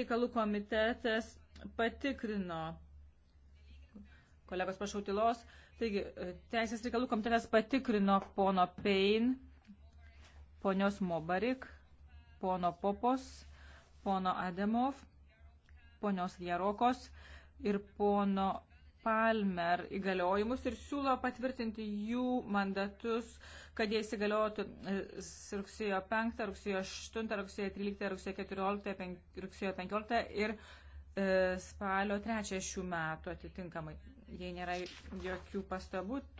reikalų komitetas patikrino. Kolegos, prašau tylos. Taigi, e, Teisės reikalų komitetas patikrino pono Pein, ponios Mobarik, pono Popos, pono Ademov, ponios Jarokos ir pono Palmer įgaliojimus ir siūlo patvirtinti jų mandatus kad jie įsigaliotų e, rugsėjo 5, rugsėjo 8, rugsėjo 13, rugsėjo 14, 5, rugsėjo 15 ir e, spalio 3 šių metų atitinkamai. Jei nėra jokių pastabų,